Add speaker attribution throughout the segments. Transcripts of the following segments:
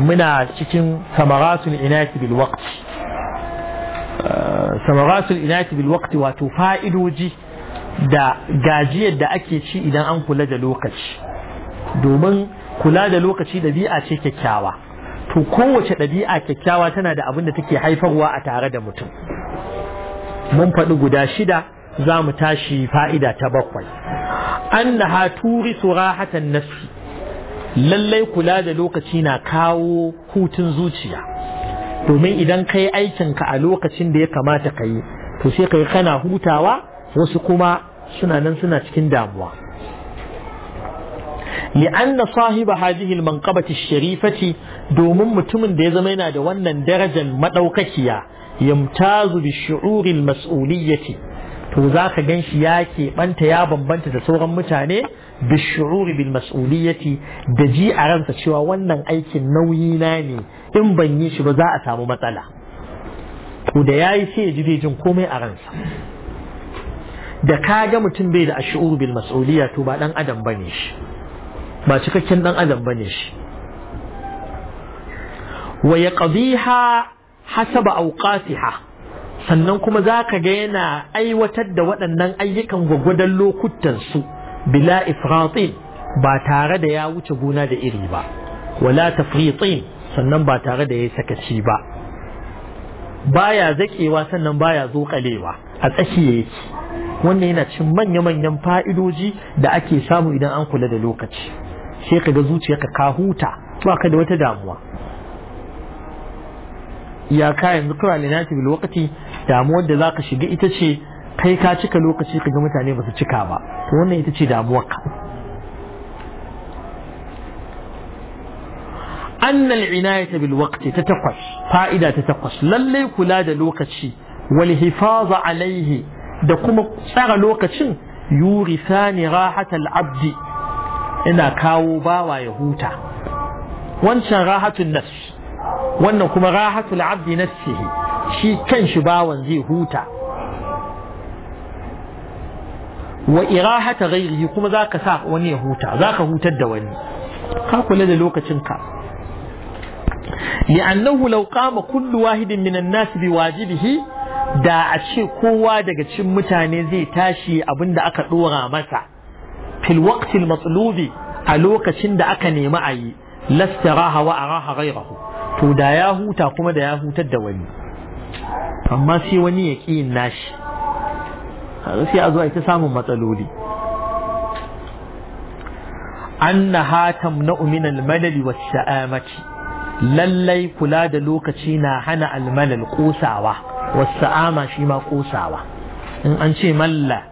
Speaker 1: muna cikin samaratul inaki bil waqti uh, samaratul inaki bil waqti wato fa'idoji da gajiyar da ake ci idan an kula da lokaci domin kula da lokaci ɗabi'a ce kyakkyawa to kowace ɗabi'a kyakkyawa tana da abin da take haifarwa a tare da mutum mun faɗi guda shida za mu tashi fa'ida ta bakwai annaha turi surahatan nafsi lallai kula da lokaci na kawo hutun zuciya domin idan ka yi aikinka a lokacin da ya kamata ka yi to sai ka yi kana hutawa wasu kuma suna nan suna cikin damuwa li'anna sahiba hadhihi al-manqabati sharifati domin mutumin da ya zama yana da wannan darajar madaukakiya yamtazu bi shu'uri al-mas'uliyyati to za ka gan shi ya keɓanta ya bambanta da sauran mutane bishururi bil da ji a ransa cewa wannan aikin nauyi na ne in ban yi shi ba za a samu matsala to da yayi sai ya ji bai jin komai a ransa da ka ga mutum bai da ashuru bil mas'uliyya to ba dan adam bane shi ba cikakken dan adam bane shi wa yaqdiha hasaba awqatiha sannan kuma za ka ga yana aiwatar da waɗannan ayyukan gwagwadon su. bila ifratin ba tare da ya wuce gona da iri ba wala tafritin sannan ba tare da ya sakaci ba baya zakewa sannan baya zokalewa a tsakiya yake wannan yana cin manya-manyan fa'idoji da ake samu idan an kula da lokaci sai ka ga zuciyarka ka ka huta ba ka da wata damuwa iyaka yanzu zukura lina lokaci? damuwar da zaka shiga ita ce kai ka cika lokaci ka ga mutane ba su cika ba to wannan ita ce damuwar ka annal inayata bil waqti ta takwas fa'ida ta takwas lallai kula da lokaci wal hifaza alaihi da kuma tsara lokacin yurisani rahatal abdi ina kawo bawa ya huta wancan rahatun nafs wannan kuma rahatul abdi nafsihi shi kan shi bawan zai huta wa irahata ghairihi kuma zaka sa wani ya huta zaka hutar da wani ka kula da lokacinka? li'annahu law qama kullu wahidin minan nas biwajibihi da a ce kowa daga cikin mutane zai tashi abinda aka dora masa fil waqti al a lokacin da aka nemi a yi lastaraha wa araha ghairahu to da ya huta kuma da ya hutar da wani amma sai wani ya ƙi yin nashi sai a zo a samun matsaloli anna hatam na al-malal was-sa'amati lallai kula da lokaci na hana almalal kosawa wasa'ama shi ma kosawa in an ce malla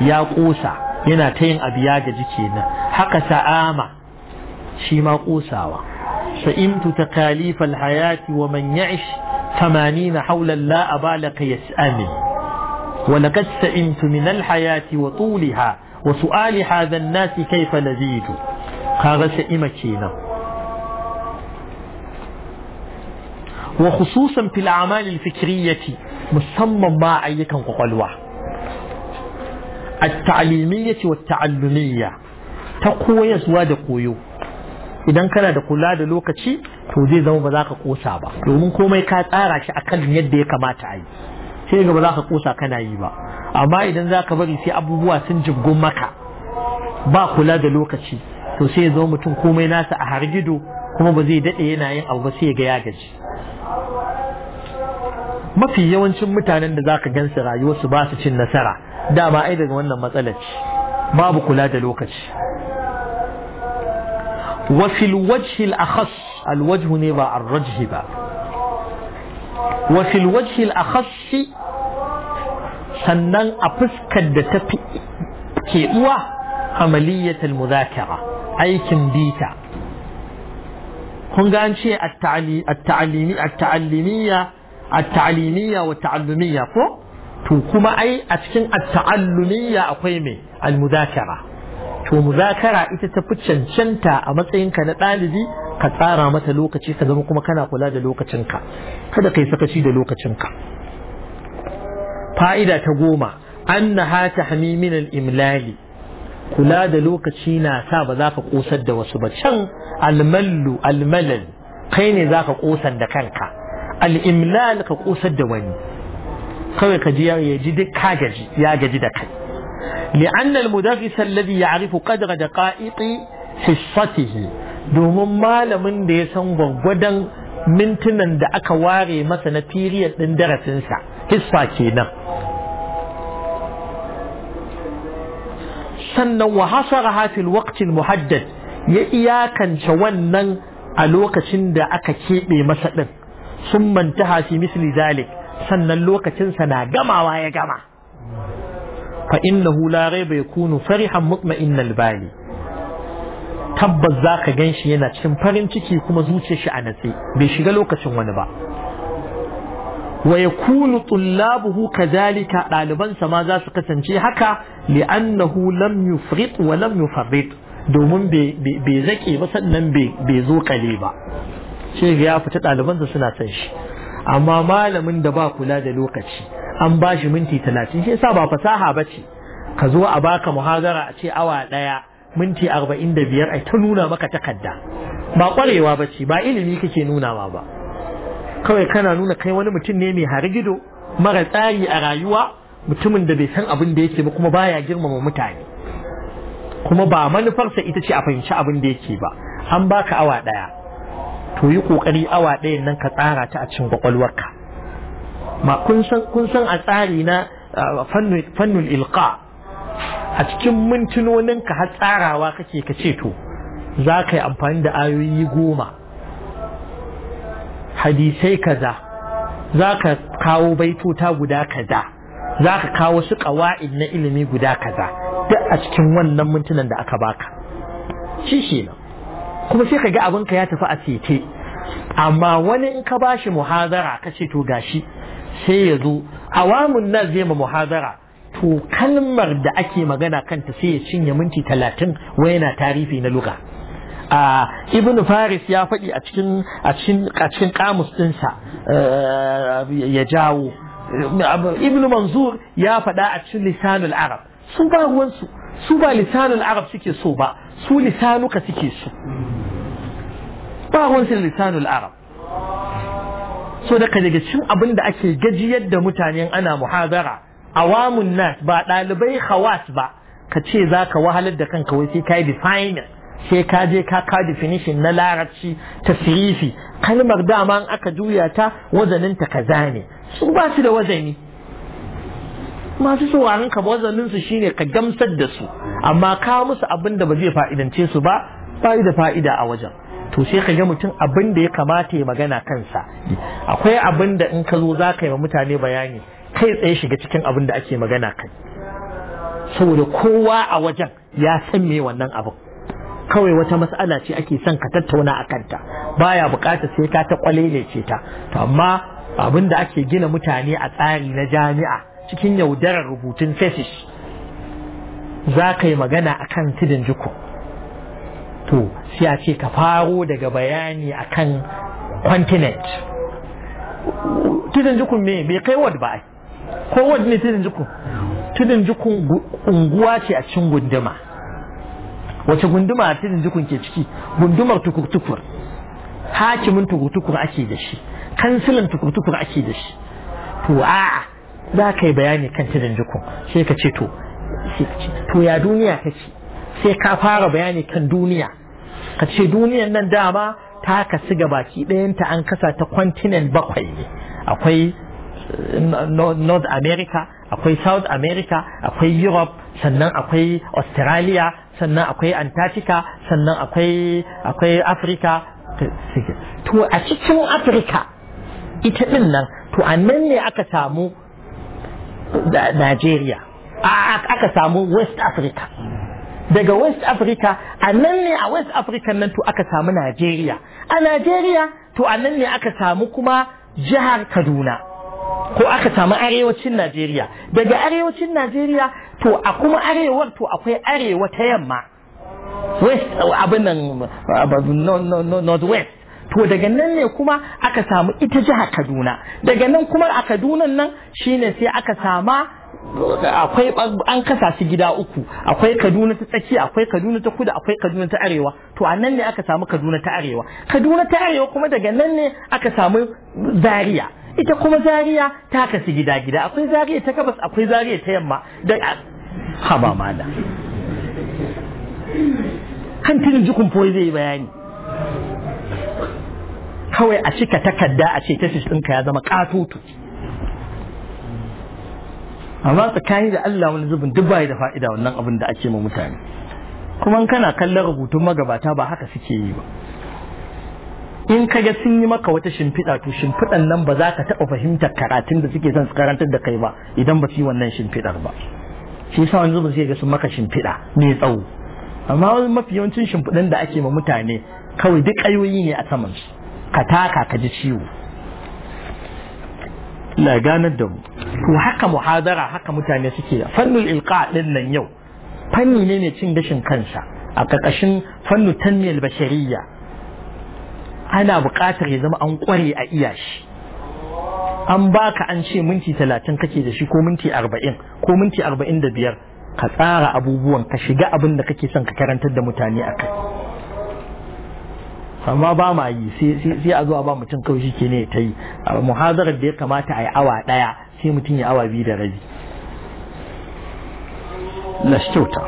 Speaker 1: ya kosa yana ta yin abu ya gaji kenan haka sa'ama shi ma kosawa sa'imtu takalifal hayati wa man ya'ish ثمانين حولا لا أبا لك ولقد سئمت من الحياة وطولها وسؤال هذا الناس كيف نزيد هذا سئمكينا وخصوصا في الأعمال الفكرية مصمم ما أيكم قلوة التعليمية والتعلمية تقوى يزواد قيو إذا كان هذا دقولا دلوكتي to zai zama ba za ka kosa ba domin komai ka tsara shi akan yadda ya kamata a yi sai ga ba za ka kosa kana yi ba amma idan za ka bari sai abubuwa sun jibgun maka ba kula da lokaci to sai ya zama mutum komai nasa a hargido kuma ba zai daɗe yana yin abu ba sai ga ya gaji mafi yawancin mutanen da za ka rayuwar rayuwarsu ba su cin nasara dama ai daga wannan matsalar babu kula da lokaci wajhi al-akhass الوجه نبا الرجه با وفي الوجه الأخص سنن الدتفي كي كيوا عملية المذاكرة أي كمبيتا هنغان شيء التعليمية التعليمية التعليمية التعليمية والتعلمية فو توكما أي ai التعلمية أقيمي المذاكرة تو مذاكرة me شنتا أمتين كانت mudhakara ka tsara mata lokaci ka zama kuma kana kula da lokacinka kada kai sakaci da lokacinka fa'ida ta goma annaha tahmi min al-imlali kula da lokaci na sa ba za ka kosar da wasu ba can almallu almalal kai ne za ka kosar da kanka al'imlal ka kosar da wani kawai ka ji ya ji duk ka gaji ya gaji da kai li'annal mudarris alladhi ya'rifu qadra daqa'iqi hissatihi domin malamin da ya san gwaggwadon mintunan da aka ware masa na period ɗin darasinsa hissa kenan sannan wa hasara hafil waqtil muhaddad ya iyakance wannan a lokacin da aka keɓe masa ɗin sun manta hafi misli zalik sannan lokacinsa na gamawa ya gama fa innahu la ya kunu farihan mutma'innal bali tabbas za ka gan shi yana cikin farin ciki kuma zuce shi a natse bai shiga lokacin wani ba wa ya yakunu tullabuhu zalika ɗalibansa ma za su kasance haka li'annahu lam yufrit wa lam yufarrit domin bai zake ba sannan bai zo kale ba shi ya fita ɗalibansa suna san shi amma malamin da ba kula da lokaci an ba shi minti talatin shi yasa ba fasaha ba ce ka zo a baka muhazara a ce awa ɗaya minti arba'in da biyar ai ta nuna maka takarda ba kwarewa ba ce ba ilimi kake nunawa ba kawai kana nuna kai wani mutum ne mai harigido mara tsari a rayuwa mutumin da bai san abin da yake ba kuma baya girmama mutane kuma ba manufarsa ita ce a fahimci abin da yake ba an baka awa daya to yi kokari awa ɗayan nan ka tsara ta a cikin kwakwalwarka ma kun san a tsari na fannul ilqa a cikin mintunoninka har tsarawa kake ka ce to za ka yi amfani da ayoyi goma hadisai kaza za ka kawo baitota guda kaza za ka kawo su ƙawain na ilimi guda kaza duk a cikin wannan mintunan da aka baka shi shi nan kuma sai ka ga ka ya tafi a tete amma wani in ka ba shi muhazara ka ce to gashi sai ya zo awamun nan zai ma muhazara to kalmar da ake magana kanta sai ya cinye minti talatin wai yana tarifi na luga a ibn faris ya faɗi a cikin a cikin kamus ɗinsa eh, ya jawo ibn manzur ya faɗa a cikin lisanul arab su ba ruwansu su ba lisanul arab suke so ba su lisanuka suke so ba ruwansu lisanul arab so daga cikin abin da ake gajiyar da mutane ana muhadara awamun nas ba ɗalibai khawas ba ka ce za ka wahalar da kanka wai sai ka yi defining sai ka je ka ka definition na larabci tasrifi kalmar dama in aka juya ta wazanin ta kaza ne su ba su da wazani masu sauraron ka wazanin su shine ka gamsar da su amma ka musu abin da ba zai fa'idance su ba bai da fa'ida a wajen to sai ka ga mutum abinda ya kamata ya magana kansa akwai abinda in ka zo za ka yi wa mutane bayani kai tsaye shiga cikin abin da ake magana kai saboda kowa a wajen ya san me wannan abin kawai wata mas'ala ce ake son ka tattauna a kanta baya bukatar sai ka ta kwalele ce ta to amma abin da ake gina mutane a tsari na jami'a cikin yaudarar rubutun thesis za ka yi magana kan tidin jiko to sai a ce ka faro daga bayani a kan continent tidin jikun me bai kai wad ba ai Ko ne tudun jikun tudun jikun unguwa ce a cikin gunduma wace gunduma a tudun jikun ke ciki gundumar tukurtukur. hakimin tukurtukur ake da shi kansilan tukurtukur ake da shi to a'a za ka yi bayani kan tudun jikun sai ka ce to to ya duniya ce? sai ka fara bayani kan duniya ka ce duniyan nan dama ta kasu gabaki baki ɗayanta an kasa ta kwantinan bakwai ne akwai north america akwai south america akwai europe sannan akwai australia sannan akwai antarctica sannan akwai akwai africa to a cikin africa ita din nan to a nan ne aka samu nigeria aka samu west africa daga west africa a nan ne a west africa nan to aka samu nigeria a nigeria to a nan ne aka samu kuma jihar kaduna ko aka samu arewacin Najeriya daga arewacin Najeriya to a kuma arewar to akwai arewa ta yamma west abin nan north west to daga nan ne kuma aka samu ita jiha Kaduna daga nan kuma a Kaduna nan shine sai aka sama akwai an kasa su gida uku akwai kaduna ta tsakiya akwai kaduna ta kudu akwai kaduna ta arewa to a nan ne aka samu kaduna ta arewa kaduna ta arewa kuma daga nan ne aka samu Zariya? ita kuma zaria ta kasu gida gida akwai zaria ta gabas akwai zaria ta yamma da haba ma kan tilin jikun foyi zai bayani kawai a cika takarda a ce tashi ɗinka ya zama katutu amma tsakani da Allah wani zubin duk bai da fa'ida wannan abin da ake ma mutane kuma kana kallon rubutun magabata ba haka suke yi ba in ka ga sun yi maka wata shimfiɗa to shimfiɗan nan ba za ka taɓa fahimtar karatun da suke son su karantar da kai ba idan ba su yi wannan shimfiɗar ba shi yasa wani zubin sai ga sun maka shimfiɗa mai tsawo amma wani mafi yawancin shimfiɗan da ake ma mutane kawai duk ayoyi ne a saman su ka taka ka ji ciwo la ganar da mu to haka muhadara haka mutane suke da fannin ilqa din nan yau fanni ne ne cin gashin kansa a kakashin fannu tanmiyar bashariya ana buƙatar ya zama an ƙware a iya shi an baka an ce minti talatin kake da shi ko minti arba'in ko minti arba'in da biyar ka tsara abubuwan ka shiga abin da kake son ka karantar da mutane a kai amma ba ma yi sai a zuwa ba mutum kawai shi ke ne ta yi muhazarar da ya kamata a yi awa ɗaya sai mutum ya awa biyu da rabi lashkyauta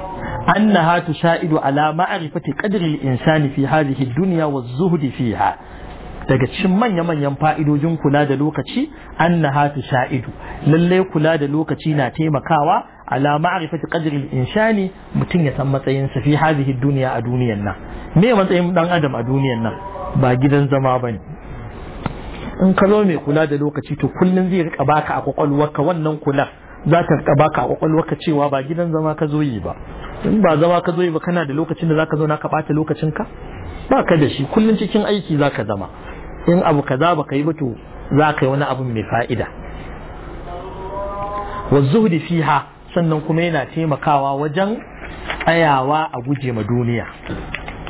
Speaker 1: annaha tusaidu ala ma'rifati insani fi hadhihi dunya fiha daga cikin manya-manyan fa'idojin kula da lokaci annaha tusaidu lalle kula da lokaci na taimakawa ala ma'rifati qadri insani mutum ya san matsayin sa fi hadhihi dunya a duniyar nan me matsayin dan adam a duniyar nan ba gidan zama bane in ka zo mai kula da lokaci to kullum zai rika baka a kwakwalwarka wannan kula za ta rika baka a kwakwalwarka cewa ba gidan zama ka zo yi ba in ba zama ka zo yi ba kana da lokacin da zaka zo na ka bata lokacin ka ba ka da shi kullum cikin aiki zaka zama in abu kaza baka yi ba to za ka yi wani abu mai fa'ida wa zuhdi fiha sannan kuma yana taimakawa wajen tsayawa a guje ma duniya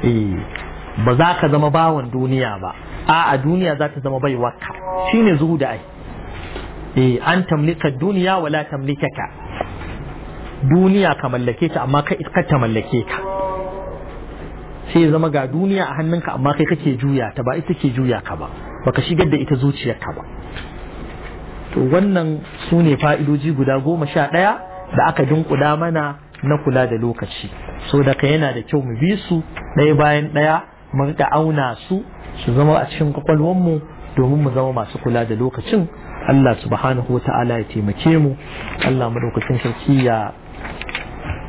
Speaker 1: eh ba za ka zama bawan duniya ba a duniya za ta zama baiwarka zuhu da ai eh an tamlika duniya wala ka duniya ka mallake ta amma kai ka ta mallake ka sai zama ga duniya a hannunka amma kai kake juya ta ba ita ke juya ka ba baka shigar da ita ka ba to wannan sune ne fa'idoji guda goma sha ɗaya da aka dunkuda mana na kula da lokaci so daga yana da kyau mu bi su ɗaya bayan ɗaya mu riƙa auna su su zama a cikin kwakwalwarmu domin mu zama masu kula da lokacin Allah subhanahu wa ta'ala ya taimake mu Allah madaukakin sarki ya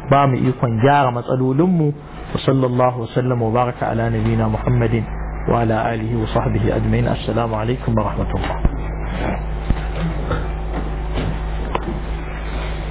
Speaker 1: ba mu ikon gyara matsalolinmu wa sallallahu wasallam wa baraka ala nabina muhammadin wa ala alihi wa
Speaker 2: sahbihi ajma'in assalamu alaikum wa rahmatullah